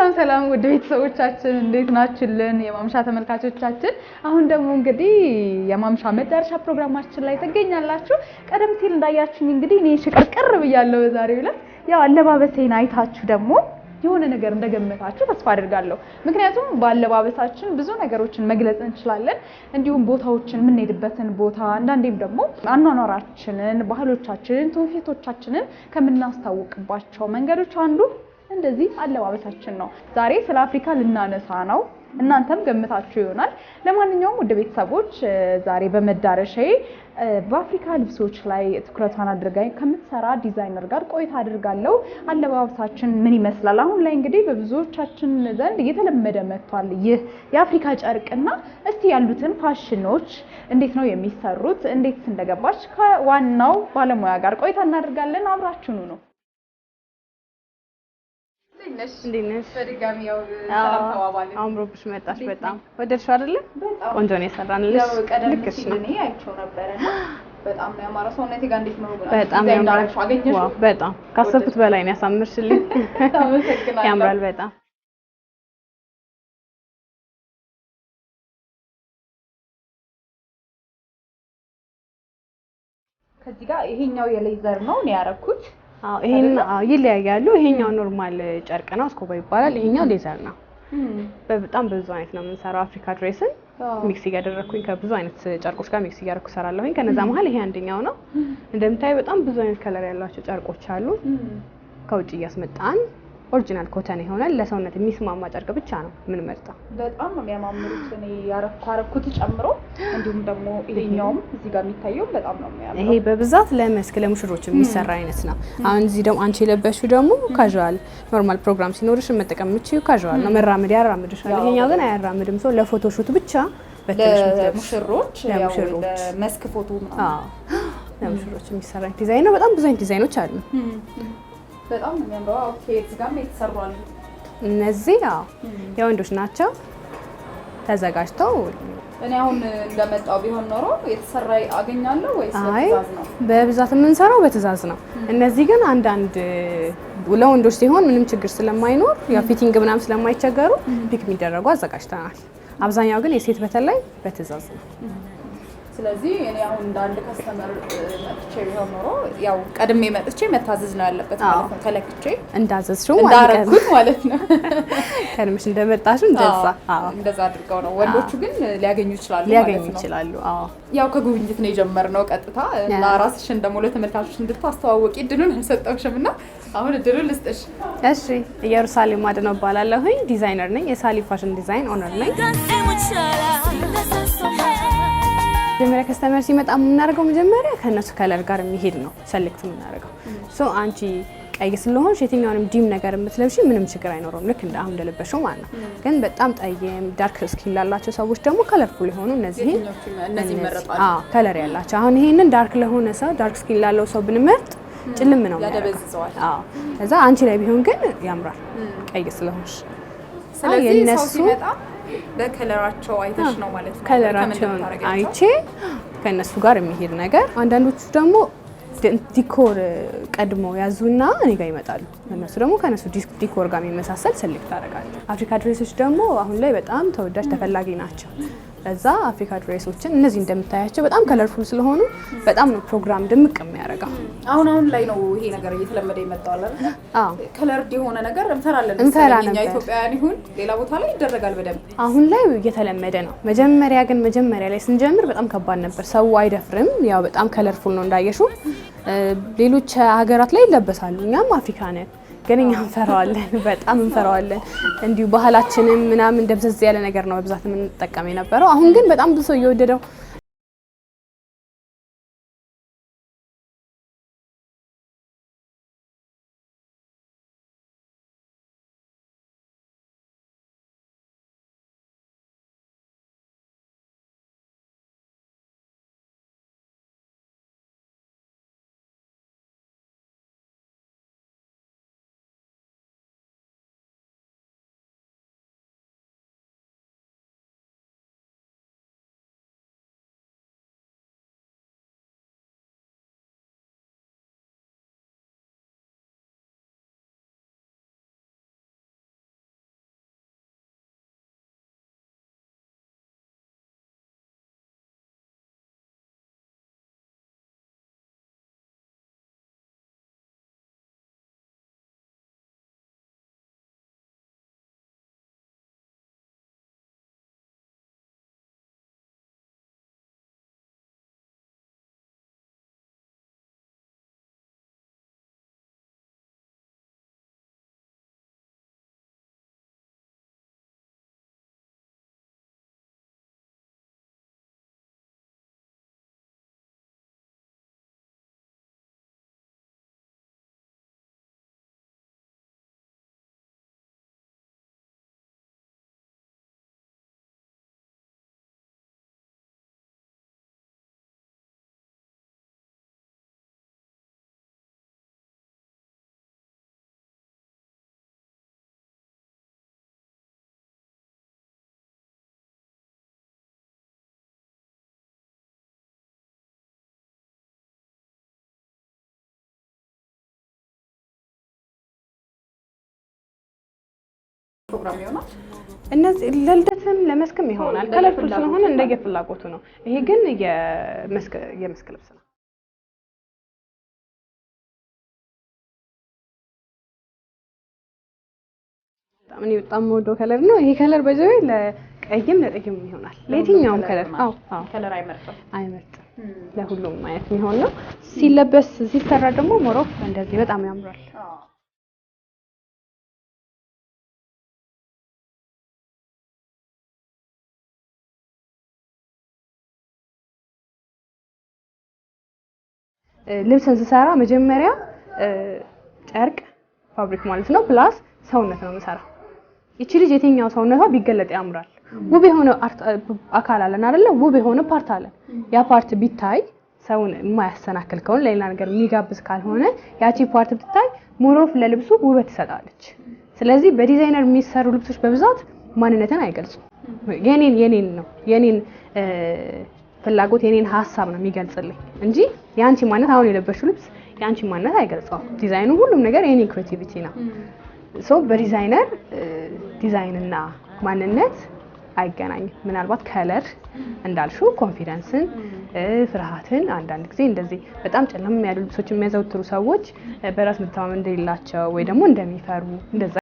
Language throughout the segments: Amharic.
ሰላም ሰላም ውድ ቤተሰቦቻችን እንዴት ናችሁልን? የማምሻ ተመልካቾቻችን፣ አሁን ደግሞ እንግዲህ የማምሻ መዳረሻ ፕሮግራማችን ላይ ትገኛላችሁ። ቀደም ሲል እንዳያችሁኝ እንግዲህ እኔ ሽቅርቅር ብያለሁ። በዛሬው ዕለት ያው አለባበሴን አይታችሁ ደግሞ የሆነ ነገር እንደገመታችሁ ተስፋ አድርጋለሁ። ምክንያቱም በአለባበሳችን ብዙ ነገሮችን መግለጽ እንችላለን። እንዲሁም ቦታዎችን፣ የምንሄድበትን ቦታ አንዳንዴም ደግሞ አኗኗራችንን፣ ባህሎቻችንን፣ ትውፊቶቻችንን ከምናስታውቅባቸው መንገዶች አንዱ እንደዚህ አለባበሳችን ነው። ዛሬ ስለ አፍሪካ ልናነሳ ነው። እናንተም ገምታችሁ ይሆናል። ለማንኛውም ውድ ቤተሰቦች ዛሬ በመዳረሻዬ በአፍሪካ ልብሶች ላይ ትኩረቷን አድርጋ ከምትሰራ ዲዛይነር ጋር ቆይታ አድርጋለሁ። አለባበሳችን ምን ይመስላል? አሁን ላይ እንግዲህ በብዙዎቻችን ዘንድ እየተለመደ መጥቷል ይህ የአፍሪካ ጨርቅና እስቲ ያሉትን ፋሽኖች እንዴት ነው የሚሰሩት? እንዴት እንደገባች ከዋናው ባለሙያ ጋር ቆይታ እናደርጋለን። አብራችኑ ነው ነሽ? እንዴት ነሽ? በድጋሚ ያው ሰላም አምሮብሽ መጣሽ። በጣም ወደድሽው አይደለ? ቆንጆ ነው የሰራንልሽ። ልክ እሺ። እኔ አይቼው በጣም ነው ያማረ። ሰውነቴ ጋር እንዴት ነው? በጣም ያምራል። በጣም ካሰብኩት በላይ ነው ያሳምርሽልኝ። ያምራል በጣም ከዚህ ጋር ይሄኛው የሌዘር ነው ነው ያደረኩት ይሄን ይለያያሉ። ይሄኛው ኖርማል ጨርቅ ነው እስኮባ ይባላል። ይሄኛው ሌዘር ነው። በጣም ብዙ አይነት ነው የምንሰራው። አፍሪካ ድሬስን ሚክስ እያደረግኩኝ ከብዙ አይነት ጨርቆች ጋር ሚክስ እያደረግኩ እሰራለሁኝ። ከነዛ መሀል ይሄ አንደኛው ነው። እንደምታይ በጣም ብዙ አይነት ከለር ያላቸው ጨርቆች አሉ ከውጭ እያስመጣን ኦሪጂናል ኮተን የሆነ ለሰውነት የሚስማማ ጨርቅ ብቻ ነው የምንመርጠው። በጣም ነው የሚያማምሩት። እኔ ያረኩት ጨምሮ እንዲሁም ደግሞ ይሄኛውም እዚህ ጋር የሚታየው በጣም ነው የሚያምረው። ይሄ በብዛት ለመስክ ለሙሽሮች የሚሰራ አይነት ነው። አሁን እዚህ ደግሞ አንቺ የለበሽው ደግሞ ካዥዋል ኖርማል ፕሮግራም ሲኖርሽ መጠቀም የምችይው ካዥዋል ነው። መራመድ ያራምድሻል። ይሄኛው ግን አያራምድም። ሰው ለፎቶሹት ብቻ ለሙሽሮች ለሙሽሮች መስክ ፎቶ ምናምን ለሙሽሮች የሚሰራ ዲዛይን ነው። በጣም ብዙ አይነት ዲዛይኖች አሉ። በጣም እነዚህ የወንዶች ናቸው ተዘጋጅተው እኔ አሁን እንደመጣው ቢሆን ኖሮ የተሰራ አገኛለሁ ወይስ በትዕዛዝ ነው? በብዛት የምንሰራው በትዕዛዝ ነው። እነዚህ ግን አንዳንድ ለወንዶች ሲሆን ምንም ችግር ስለማይኖር ያው ፊቲንግ ምናምን ስለማይቸገሩ ፒክ የሚደረጉ አዘጋጅተናል። አብዛኛው ግን የሴት በተለይ በትዕዛዝ ነው። ስለዚህ እኔ አሁን እንደ አንድ ከስተመር መጥቼ ቢሆን ኖሮ ያው ቀድሜ መጥቼ መታዘዝ ነው ያለበት ማለት ነው። ተለክቼ እንዳዘዝሽው እንዳረኩት ማለት ነው። ከንምሽ እንደመጣሽ እንደዛ እንደዛ አድርገው ነው። ወንዶቹ ግን ሊያገኙ ይችላሉ ሊያገኙ ይችላሉ። ያው ከጉብኝት ነው የጀመርነው ቀጥታ እና ራስሽን ደግሞ ለተመልካቾች እንድታስተዋወቂ እድሉን አልሰጠውሽም እና አሁን እድሉን ልስጥሽ። እሺ፣ ኢየሩሳሌም አድነው እባላለሁኝ። ዲዛይነር ነኝ። የሳሊ ፋሽን ዲዛይን ኦነር ነኝ። መጀመሪያ ከስተመር ሲመጣ የምናደርገው መጀመሪያ ከእነሱ ከለር ጋር የሚሄድ ነው ሰሌክት የምናደርገው። ሶ አንቺ ቀይ ስለሆንሽ የትኛውንም ዲም ነገር የምትለብሽ ምንም ችግር አይኖረውም፣ ልክ እንደ አሁን እንደለበሽው ማለት ነው። ግን በጣም ጠይም ዳርክ ስኪን ላላቸው ሰዎች ደግሞ ከለርፉል የሆኑ እነዚህን ከለር ያላቸው አሁን ይሄንን ዳርክ ለሆነ ሰው ዳርክ ስኪን ላለው ሰው ብንመርጥ ጭልም ነው ያደበዝዘዋል። ከዛ አንቺ ላይ ቢሆን ግን ያምራል ቀይ ስለሆንሽ ስለዚህ ሰው ሲመጣ በከለራቸው አይተሽ ነው ማለት ነው? ከለራቸውን አይቼ ከእነሱ ጋር የሚሄድ ነገር። አንዳንዶቹ ደግሞ ዲኮር ቀድሞ ያዙና እኔ ጋር ይመጣሉ እነሱ ደግሞ ከነሱ ዲኮር ጋር የሚመሳሰል ስሌክት አደርጋለሁ። አፍሪካ ድሬሶች ደግሞ አሁን ላይ በጣም ተወዳጅ ተፈላጊ ናቸው። እዛ አፍሪካ ድሬሶችን እነዚህ እንደምታያቸው በጣም ከለርፉል ስለሆኑ በጣም ነው ፕሮግራም ድምቅ የሚያደርገው። አሁን አሁን ላይ ነው ይሄ ነገር እየተለመደ ይመጣዋል። ከለርድ የሆነ ነገር እንፈራለን። ኢትዮጵያውያን ይሁን ሌላ ቦታ ላይ ይደረጋል በደንብ አሁን ላይ እየተለመደ ነው። መጀመሪያ ግን መጀመሪያ ላይ ስንጀምር በጣም ከባድ ነበር። ሰው አይደፍርም። ያው በጣም ከለርፉል ነው እንዳየሹ። ሌሎች ሀገራት ላይ ይለበሳሉ። እኛም አፍሪካ ነን ግን እኛ እንፈራዋለን፣ በጣም እንፈራዋለን። እንዲሁ ባህላችንም ምናምን ደብዘዝ ያለ ነገር ነው በብዛት የምንጠቀም የነበረው። አሁን ግን በጣም ብዙ ሰው እየወደደው ፕሮግራም ይሆናል። እነዚህ ለልደትም ለመስክም ይሆናል። ከለርፉል ስለሆነ እንደየፍላጎቱ ነው። ይሄ ግን የመስክ ልብስ ነው። በጣም እኔ በጣም የምወደው ከለር ነው ይሄ ከለር። በዚ ለቀይም ለጠይም ይሆናል። ለየትኛውም ከለር ከለር አይመርጥም፣ አይመርጥም። ለሁሉም ማየት የሚሆን ነው። ሲለበስ ሲሰራ ደግሞ ሞሮፍ እንደዚህ በጣም ያምራል። ልብስ ስሰራ መጀመሪያ ጨርቅ ፋብሪክ ማለት ነው ፕላስ ሰውነት ነው የምሰራው። ይቺ ልጅ የትኛው ሰውነቷ ቢገለጥ ያምራል? ውብ የሆነ አካል አለን አይደለ? ውብ የሆነ ፓርት አለን። ያ ፓርት ቢታይ ሰውን የማያሰናክል ከሆነ ለሌላ ነገር የሚጋብዝ ካልሆነ ያቺ ፓርት ብትታይ ሞሮፍ ለልብሱ ውበት ትሰጣለች። ስለዚህ በዲዛይነር የሚሰሩ ልብሶች በብዛት ማንነትን አይገልጹም። የኔን የኔን ነው የኔን ፍላጎት የኔን ሀሳብ ነው የሚገልጽልኝ እንጂ የአንቺ ማነት አሁን የለበሽው ልብስ የአንቺ ማነት አይገልጸውም። ዲዛይኑ፣ ሁሉም ነገር የኔ ክሬቲቪቲ ነው። ሶ በዲዛይነር ዲዛይንና ማንነት አይገናኝም። ምናልባት ከለር እንዳልሹ ኮንፊደንስን፣ ፍርሃትን አንዳንድ ጊዜ እንደዚህ በጣም ጨለም ያሉ ልብሶች የሚያዘወትሩ ሰዎች በራስ መተማመን እንደሌላቸው ወይ ደግሞ እንደሚፈሩ እንደዛ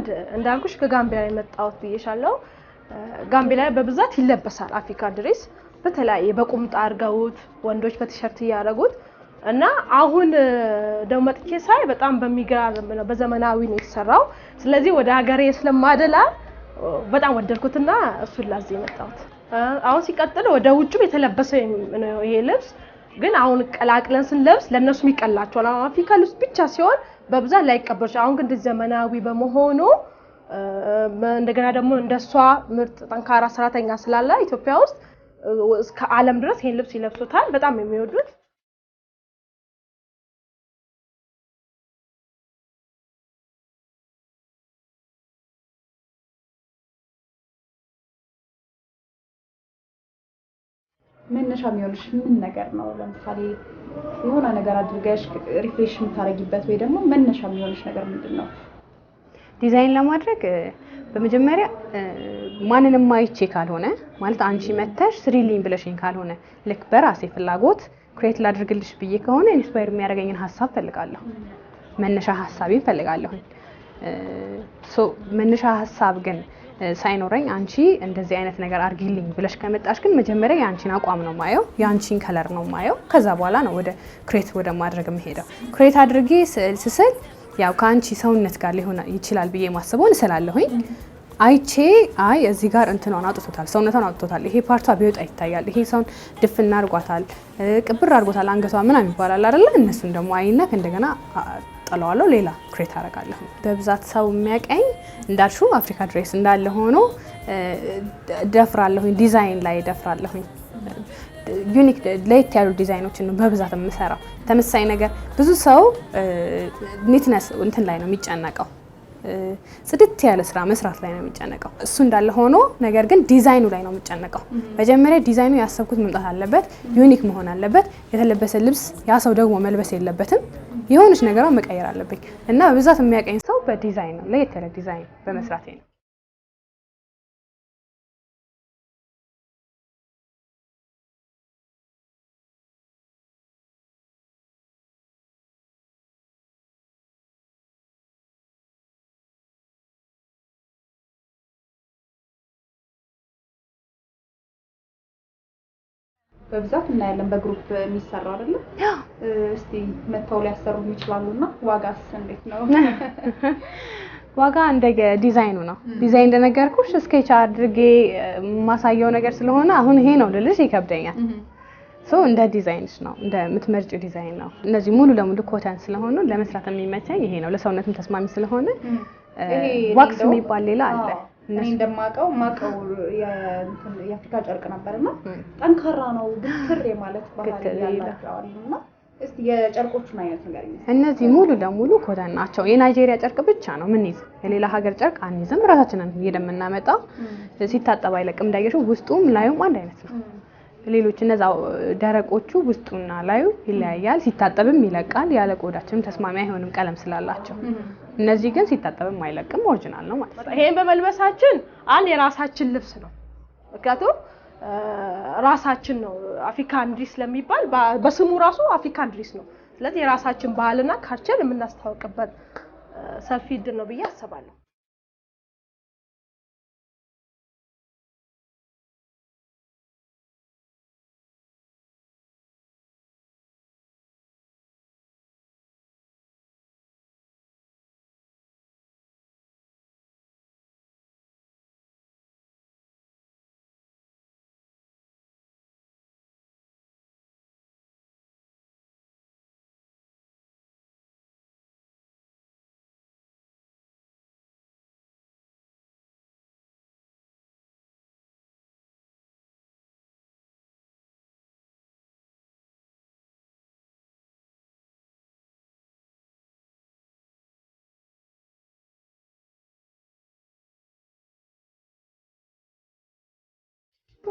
አንድ እንዳልኩሽ ከጋምቢያ የመጣሁት ብዬሻለሁ። ጋምቢላ በብዛት ይለበሳል አፍሪካ ድሬስ በተለያየ በቁምጣ አድርገውት ወንዶች በቲሸርት እያደረጉት እና አሁን ደግሞ መጥቼ ሳይ በጣም በሚገራርም ነው፣ በዘመናዊ ነው የተሰራው። ስለዚህ ወደ ሀገሬ ስለማደላ በጣም ወደድኩትና እሱን ላዚህ የመጣሁት። አሁን ሲቀጥል ወደ ውጭም የተለበሰ ነው ይሄ ልብስ ግን አሁን ቀላቅለን ስንለብስ ለእነሱም ይቀላቸዋል። አፍሪካ ልብስ ብቻ ሲሆን በብዛት ላይቀበል። አሁን ግን ዘመናዊ በመሆኑ እንደገና ደግሞ እንደሷ ምርጥ ጠንካራ ሰራተኛ ስላለ ኢትዮጵያ ውስጥ እስከ ዓለም ድረስ ይህን ልብስ ይለብሱታል። በጣም የሚወዱት መነሻ የሚሆንሽ ምን ነገር ነው? ለምሳሌ የሆነ ነገር አድርገሽ ሪፍሬሽ የምታደርጊበት ወይ ደግሞ መነሻ የሚሆንሽ ነገር ምንድን ነው? ዲዛይን ለማድረግ በመጀመሪያ ማንንም አይቼ ካልሆነ ማለት አንቺ መተሽ ስሪልኝ ብለሽኝ ካልሆነ ልክ በራሴ ፍላጎት ክሬት ላድርግልሽ ብዬ ከሆነ ኢንስፓየር የሚያደርገኝን ሀሳብ ፈልጋለሁ። መነሻ ሀሳቤን ፈልጋለሁ። መነሻ ሀሳብ ግን ሳይኖረኝ አንቺ እንደዚህ አይነት ነገር አድርጊልኝ ብለሽ ከመጣሽ ግን መጀመሪያ የአንቺን አቋም ነው ማየው፣ የአንቺን ከለር ነው ማየው። ከዛ በኋላ ነው ወደ ክሬት ወደ ማድረግ የምሄደው። ክሬት አድርጌ ስዕል ስስል ያው ከአንቺ ሰውነት ጋር ሊሆን ይችላል ብዬ ማስበውን ስላለሁኝ አይቼ አይ እዚህ ጋር እንትኗን አውጥቶታል፣ ሰውነቷን አውጥቶታል፣ ይሄ ፓርቷ ቢወጣ ይታያል፣ ይሄ ሰውን ድፍና አድርጓታል፣ ቅብር አድርጎታል፣ አንገቷ ምናምን ይባላል አይደለ? እነሱን ደግሞ አይና እንደገና እጥለዋለሁ፣ ሌላ ክሬት አረጋለሁ። በብዛት ሰው የሚያቀኝ እንዳልሹ አፍሪካ ድሬስ እንዳለ ሆኖ ደፍራለሁኝ፣ ዲዛይን ላይ ደፍራለሁኝ። ዩኒክ ለየት ያሉ ዲዛይኖችን ነው በብዛት የምሰራው። ተመሳሳይ ነገር ብዙ ሰው ኒትነስ እንትን ላይ ነው የሚጨነቀው ጽድት ያለ ስራ መስራት ላይ ነው የሚጨነቀው። እሱ እንዳለ ሆኖ ነገር ግን ዲዛይኑ ላይ ነው የሚጨነቀው። መጀመሪያ ዲዛይኑ ያሰብኩት መምጣት አለበት፣ ዩኒክ መሆን አለበት። የተለበሰ ልብስ ያ ሰው ደግሞ መልበስ የለበትም። የሆነች ነገሯ መቀየር አለብኝ እና በብዛት የሚያቀኝ ሰው በዲዛይን ነው፣ ለየት ያለ ዲዛይን በመስራት ነው። በብዛት እናያለን። በግሩፕ የሚሰራ አይደለም። እስቲ መተው ሊያሰሩ ይችላሉ። እና ዋጋስ እንዴት ነው? ዋጋ እንደ ዲዛይኑ ነው። ዲዛይን እንደነገርኩሽ እስኬች አድርጌ የማሳየው ነገር ስለሆነ አሁን ይሄ ነው ልልሽ ይከብደኛል። ሶ እንደ ዲዛይንሽ ነው እንደ የምትመርጪው ዲዛይን ነው። እነዚህ ሙሉ ለሙሉ ኮተን ስለሆኑ ለመስራት የሚመቸኝ ይሄ ነው። ለሰውነትም ተስማሚ ስለሆነ ዋክስ የሚባል ሌላ አለ እኔ እንደማውቀው ማውቀው የአፍሪካ ጨርቅ ነበር እና ጠንካራ ነው፣ ግትር የማለት ባህል ያላቸዋል እና እስኪ የጨርቆቹን አይነት ነገር እነዚህ ሙሉ ለሙሉ ኮተን ናቸው። የናይጄሪያ ጨርቅ ብቻ ነው ምን ይዝ የሌላ ሀገር ጨርቅ አንይዝም። ራሳችንን እየደምናመጣ ሲታጠብ አይለቅም። እንዳየሽው ውስጡም ላዩም አንድ አይነት ነው። ሌሎች እነዛ ደረቆቹ ውስጡና ላዩ ይለያያል። ሲታጠብም ይለቃል። ያለ ቆዳችንም ተስማሚ አይሆንም ቀለም ስላላቸው። እነዚህ ግን ሲታጠብም አይለቅም፣ ኦሪጂናል ነው ማለት ነው። ይሄን በመልበሳችን አንድ የራሳችን ልብስ ነው። ምክንያቱም ራሳችን ነው አፍሪካን ድሪስ ለሚባል በስሙ ራሱ አፍሪካን ድሪስ ነው። ስለዚህ የራሳችን ባህልና ካልቸር የምናስተዋውቅበት ሰፊ እድል ነው ብዬ አስባለሁ።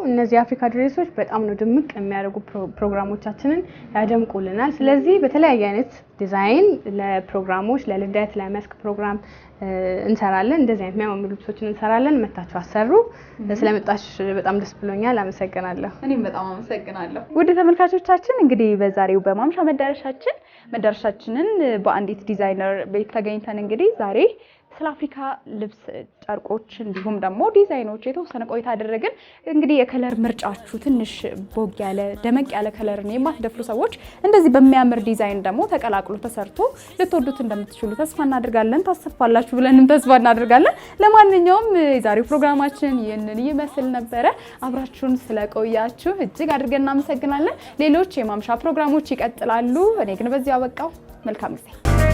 እነዚህ የአፍሪካ ድሬሶች በጣም ነው ድምቅ የሚያደርጉ ፕሮግራሞቻችንን ያደምቁልናል። ስለዚህ በተለያየ አይነት ዲዛይን ለፕሮግራሞች፣ ለልደት፣ ለመስክ ፕሮግራም እንሰራለን። እንደዚህ አይነት የሚያማምሩ ልብሶችን እንሰራለን። መታችሁ አሰሩ። ስለመጣሽ በጣም ደስ ብሎኛል። አመሰግናለሁ። እኔም በጣም አመሰግናለሁ። ውድ ተመልካቾቻችን እንግዲህ በዛሬው በማምሻ መዳረሻችን መዳረሻችንን በአንዲት ዲዛይነር ቤት ተገኝተን እንግዲህ ዛሬ ስለ አፍሪካ ልብስ ጨርቆች፣ እንዲሁም ደግሞ ዲዛይኖች የተወሰነ ቆይታ አደረግን። እንግዲህ የከለር ምርጫችሁ ትንሽ ቦግ ያለ ደመቅ ያለ ከለርን የማትደፍሩ ሰዎች እንደዚህ በሚያምር ዲዛይን ደግሞ ተቀላቅሎ ተሰርቶ ልትወዱት እንደምትችሉ ተስፋ እናደርጋለን። ታሰፋላችሁ ብለንም ተስፋ እናደርጋለን። ለማንኛውም የዛሬው ፕሮግራማችን ይህንን ይመስል ነበረ። አብራችሁን ስለቆያችሁ እጅግ አድርገን እናመሰግናለን። ሌሎች የማምሻ ፕሮግራሞች ይቀጥላሉ። እኔ ግን በዚያ አበቃው። መልካም ጊዜ